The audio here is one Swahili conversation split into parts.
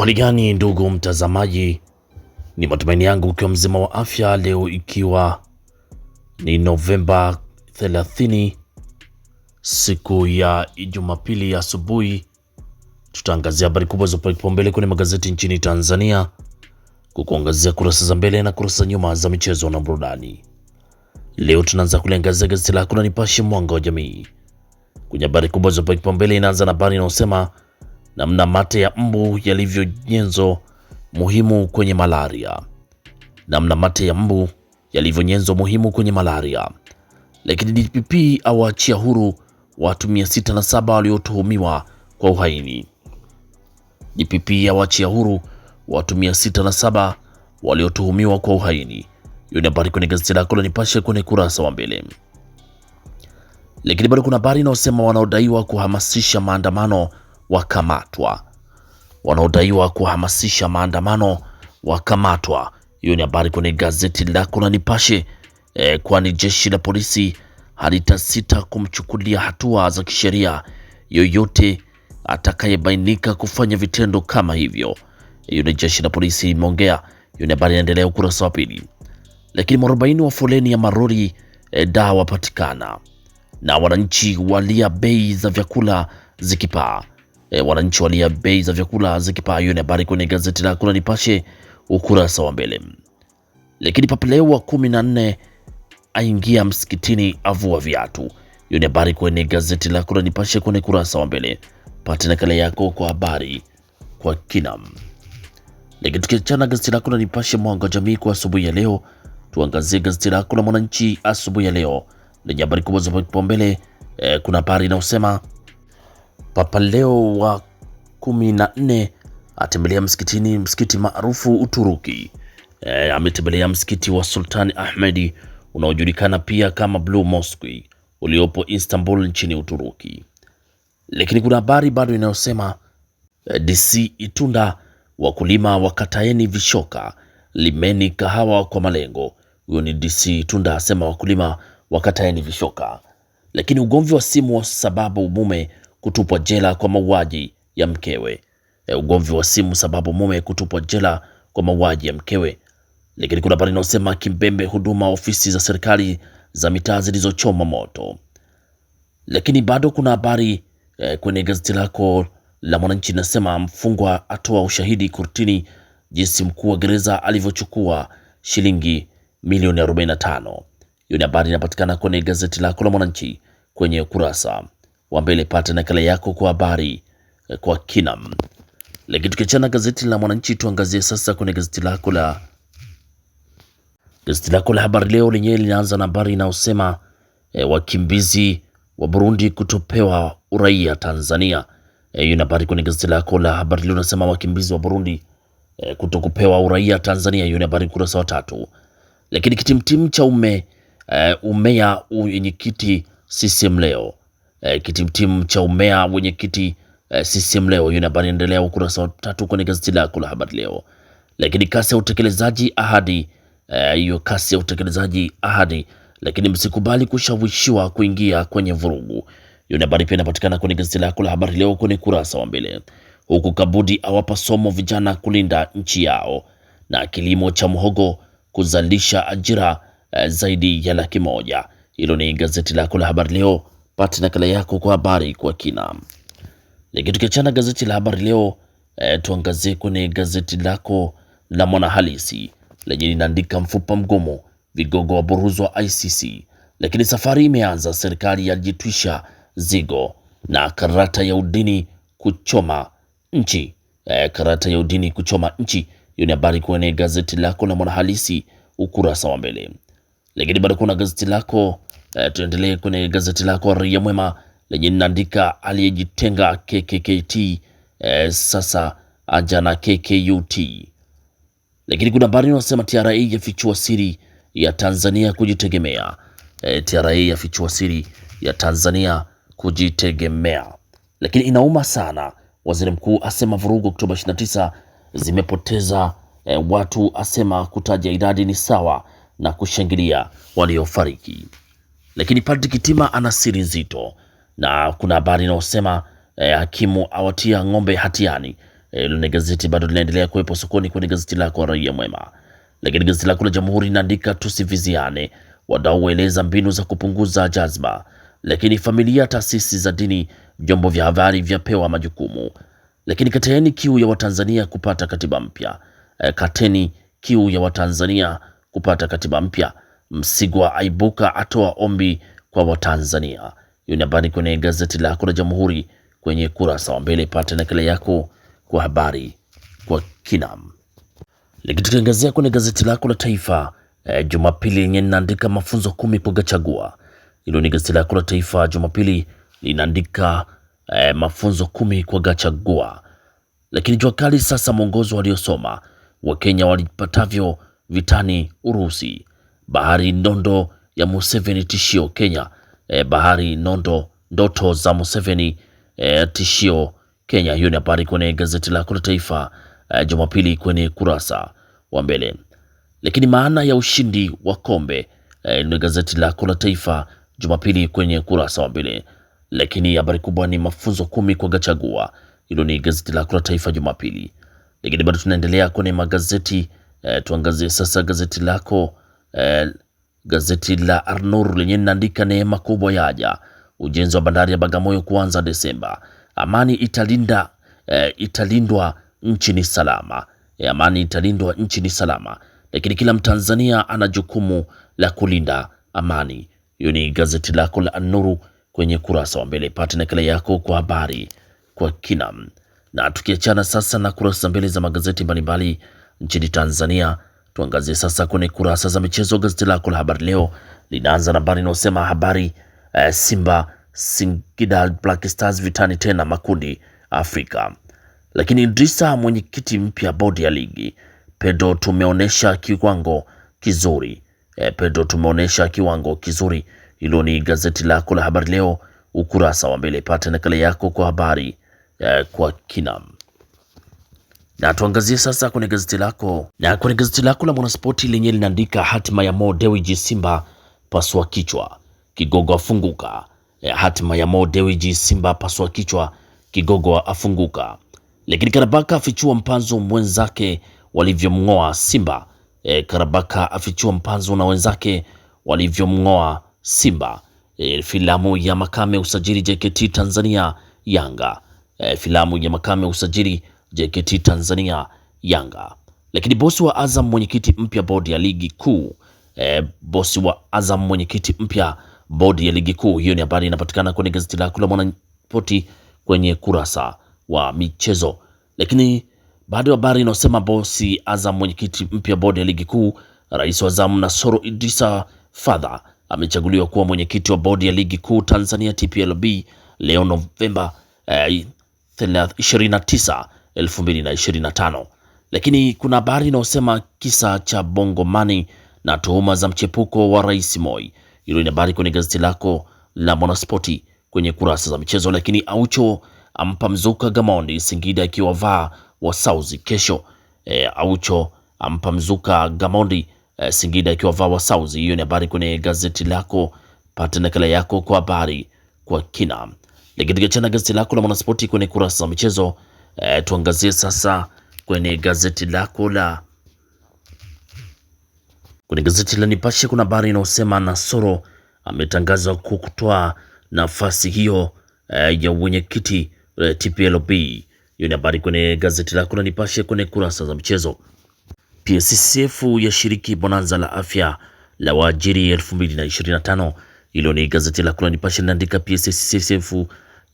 Hali gani ndugu mtazamaji, ni matumaini yangu ukiwa mzima wa afya leo, ikiwa ni Novemba 30 siku ya Jumapili asubuhi, tutaangazia habari kubwa zopewa kipaumbele kwenye magazeti nchini Tanzania, kukuangazia kurasa za mbele na kurasa za nyuma za michezo na burudani. Leo tunaanza kuliangazia gazeti lako la Nipashe Mwanga wa Jamii. Kwenye habari kubwa zopewa kipaumbele, inaanza na habari inayosema namna mate ya mbu yalivyo nyenzo muhimu kwenye malaria, namna mate ya mbu yalivyo nyenzo muhimu kwenye malaria. Lakini DPP awaachia huru watu 607 waliotuhumiwa kwa uhaini. DPP awaachia huru watu 607 waliotuhumiwa kwa uhaini. Hiyo ni habari kwenye gazeti lako la Nipashe kwenye kurasa wa mbele. Lakini bado kuna habari inayosema wanaodaiwa kuhamasisha maandamano wakamatwa, wanaodaiwa kuhamasisha maandamano wakamatwa. Hiyo ni habari kwenye gazeti lako la Nipashe e, kwani jeshi la polisi halitasita kumchukulia hatua za kisheria yoyote atakayebainika kufanya vitendo kama hivyo. Hiyo ni jeshi la polisi imeongea. Hiyo ni habari inaendelea ukurasa wa pili. Lakini mwarobaini wa foleni ya marori e, dawa wapatikana na wananchi walia bei za vyakula zikipaa e, wananchi walia bei za vyakula zikipaa. Hiyo ni habari kwenye gazeti lako la Nipashe ukurasa wa mbele. Lakini Papa Leo wa kumi na nne aingia msikitini avua viatu. Hiyo ni habari kwenye gazeti lako la Nipashe kwenye kurasa wa mbele. Pata nakala yako kwa habari kwa kina. Lakini tukiachana gazeti lako la Nipashe mwanga wa jamii kwa asubuhi ya leo, tuangazie gazeti lako la Mwananchi asubuhi ya leo lenye habari kubwa za kipaumbele. E, kuna habari inayosema Papa Leo wa 14 atembelea msikitini msikiti maarufu Uturuki. E, ametembelea msikiti wa Sultan Ahmedi unaojulikana pia kama Blue Mosque uliopo Istanbul nchini Uturuki. Lakini kuna habari bado inayosema e, DC Itunda wakulima wakataeni vishoka limeni kahawa kwa malengo. Huyo ni DC Itunda asema wakulima wakataeni vishoka. Lakini ugomvi wa simu wa sababu mume kutupwa jela kwa mauaji ya mkewe. E, ugomvi wa simu sababu mume kutupwa jela kwa mauaji ya mkewe. Lakini kuna habari inayosema Kimbembe, huduma ofisi za serikali za mitaa zilizochoma moto. Lakini bado kuna habari e, kwenye gazeti lako la Mwananchi inasema mfungwa atoa ushahidi kurtini jinsi mkuu wa gereza alivyochukua shilingi milioni 45. Hiyo ni habari inapatikana kwenye gazeti lako la Mwananchi kwenye ukurasa wa mbele. Pata nakala yako kwa habari eh, kwa kina. Lakini tukiachana gazeti la Mwananchi, tuangazie sasa kwenye gazeti lako la gazeti lako la Habari Leo lenyewe linaanza na habari inayosema e, wakimbizi wa Burundi kutopewa uraia Tanzania. Eh, hiyo ni habari kwenye gazeti lako la Habari Leo linasema wakimbizi wa Burundi e, kutokupewa uraia Tanzania. Hiyo ni habari kurasa wa tatu. Lakini kitimtim cha ume e, umea uenyekiti CCM leo eh, kitimtimu cha umea wenye kiti eh, CCM leo. Hiyo ni habari inaendelea ukurasa wa tatu kwenye gazeti lako la habari leo. Lakini kasi ya utekelezaji ahadi eh, hiyo, eh, kasi ya utekelezaji ahadi, lakini msikubali kushawishiwa kuingia kwenye vurugu. Hiyo ni habari pia inapatikana kwenye gazeti lako la habari leo kwenye kurasa wa mbele, huku Kabudi awapa somo vijana kulinda nchi yao na kilimo cha mhogo kuzalisha ajira eh, zaidi ya laki moja. Hilo ni gazeti lako la habari leo pata nakala yako kwa habari kwa kina. Lakini chana gazeti la habari leo e, tuangazie kwenye gazeti lako la Mwanahalisi lenye linaandika mfupa mgumu vigogo wa ICC, lakini safari imeanza, serikali yajitwisha zigo na karata ya udini kuchoma nchi e, karata ya udini kuchoma nchi. Hiyo ni habari kwenye gazeti lako la Mwanahalisi ukurasa wa mbele, lakini bado kuna gazeti lako E, tuendelee kwenye gazeti lako Raia Mwema lenye linaandika aliyejitenga KKKT e, eh, sasa aja na KKUT, lakini kuna habari inasema TRA yafichua siri ya Tanzania kujitegemea. E, eh, TRA yafichua siri ya Tanzania kujitegemea, lakini inauma sana. Waziri mkuu asema vurugu Oktoba 29 zimepoteza e, watu, asema kutaja idadi ni sawa na kushangilia waliofariki. Lakini Padri Kitima ana siri nzito, na kuna habari inayosema eh, hakimu awatia ng'ombe hatiani. Hilo eh, gazeti bado linaendelea kuwepo sokoni kwenye gazeti lako Raia Mwema. Lakini gazeti lako la Jamhuri inaandika tusiviziane, wadau waeleza mbinu za kupunguza jazba. Lakini familia, taasisi za dini, vyombo vya habari vyapewa majukumu. Lakini kateni kiu ya Watanzania kupata katiba mpya. eh, kateni kiu ya Watanzania kupata katiba mpya. Msigwa aibuka atoa ombi kwa Watanzania. Hiyo ni habari kwenye gazeti lako la Jamhuri kwenye kurasa wa mbele, pata nakala yako kwa habari kwa kinam. Lakini tukiangazia kwenye gazeti lako la Taifa eh, Jumapili yenye linaandika mafunzo kumi Pogachagua. Hilo ni gazeti lako la Taifa Jumapili linaandika eh, mafunzo kumi kwa Gachagua. Lakini jua kali sasa, mwongozo waliosoma Wakenya walipatavyo vitani Urusi. Bahari nondo ya Museveni tishio Kenya. E, bahari nondo ndoto za Museveni e, tishio Kenya. Hiyo ni habari kwenye gazeti lako la Taifa e, Jumapili kwenye kurasa wa mbele. Lakini maana ya ushindi wa kombe e, ni gazeti lako la Taifa Jumapili kwenye kurasa wa mbele. Lakini habari kubwa ni mafunzo kumi kwa Gachagua. Hilo ni gazeti lako la Taifa Jumapili. Lakini bado tunaendelea kwenye magazeti e, tuangazie sasa gazeti lako Eh, gazeti la Arnur lenye linaandika neema kubwa yaja, ujenzi wa bandari ya Bagamoyo kuanza Desemba, amani italinda e, italindwa nchi ni salama e, amani italindwa nchi ni salama, lakini kila Mtanzania ana jukumu la kulinda amani. Hiyo ni gazeti lako la Anuru kwenye kurasa wa mbele, pata nakala yako kwa habari kwa kina. Na tukiachana sasa na kurasa mbele za magazeti mbalimbali nchini Tanzania Tuangazie sasa kwenye kurasa za michezo. Gazeti lako la habari leo linaanza na habari inayosema habari eh, Simba Singida Black Stars vitani tena makundi Afrika. Lakini Idrisa mwenyekiti mpya bodi ya ligi. Pedro tumeonesha kiwango kizuri. E, Pedro tumeonesha kiwango kizuri. Hilo ni gazeti lako la habari leo ukurasa wa mbele. Pata nakala yako kwa habari e, kwa kinam na tuangazie sasa kwenye gazeti lako na kwenye gazeti lako la Mwanaspoti lenye linaandika hatima ya Mo Dewji Simba paswa kichwa kigogo afunguka. E, hatima ya Mo Dewji Simba paswa kichwa kigogo afunguka. Lakini Karabaka afichua mpanzo mwenzake walivyomng'oa Simba. E, Karabaka afichua mpanzo na wenzake walivyomng'oa Simba. E, filamu ya Makame usajili JKT Tanzania Yanga. E, filamu ya Makame usajili JKT Tanzania, Yanga. Lakini bosi wa Azam mwenyekiti mpya bodi ya ligi kuu e, bosi wa Azam mwenyekiti mpya bodi ya ligi kuu. Hiyo ni habari inapatikana kwenye gazeti lako la Mwanaspoti kwenye kurasa wa michezo. Lakini baada ya habari inayosema bosi Azam mwenyekiti mpya bodi ya ligi kuu, rais wa Azam Nasoro Idrisa Fadha amechaguliwa kuwa mwenyekiti wa bodi ya ligi kuu Tanzania TPLB leo Novemba eh, 29 2025. Lakini kuna habari inayosema kisa cha Bongo Mani na tuhuma za mchepuko wa Rais Moi. Hilo ni habari kwenye gazeti lako la Mwanaspoti kwenye kurasa za michezo. Lakini Aucho ampa mzuka Gamondi Singida ikiwa vaa wa Sauzi kesho. E, Aucho ampa mzuka Gamondi e, Singida ikiwa vaa wa Sauzi. Hiyo ni habari kwenye gazeti lako, pata nakala yako kwa habari kwa kina. Lakini tukiachana gazeti lako la Mwanaspoti kwenye kurasa za michezo E, tuangazie sasa kwenye gazeti lako la kwenye gazeti la Nipashe kuna habari inayosema Nasoro ametangazwa kukutwaa nafasi hiyo e, ya wenyekiti e, eh, TPLB. Hiyo ni habari kwenye gazeti lako la Nipashe kwenye kurasa za mchezo. PSCF yashiriki bonanza la afya la waajiri 2025. Hilo ni gazeti lako la Nipashe linaandika PSCF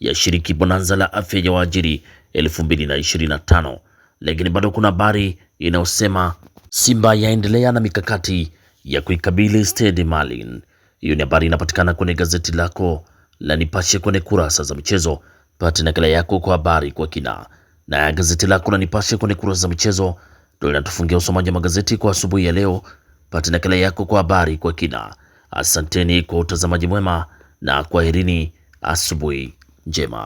yashiriki bonanza la afya ya waajiri 2025. Lakini bado kuna habari inayosema Simba yaendelea na mikakati ya kuikabili Stade Malin. Hiyo ni habari inapatikana kwenye gazeti lako la Nipashe kwenye kurasa za michezo. Pata nakala yako kwa habari kwa kina. Na gazeti lako la Nipashe kwenye kurasa za michezo ndio linatufungia usomaji wa magazeti kwa asubuhi ya leo. Pata nakala yako kwa habari kwa kina. Asanteni kwa utazamaji mwema na kwaherini, asubuhi njema.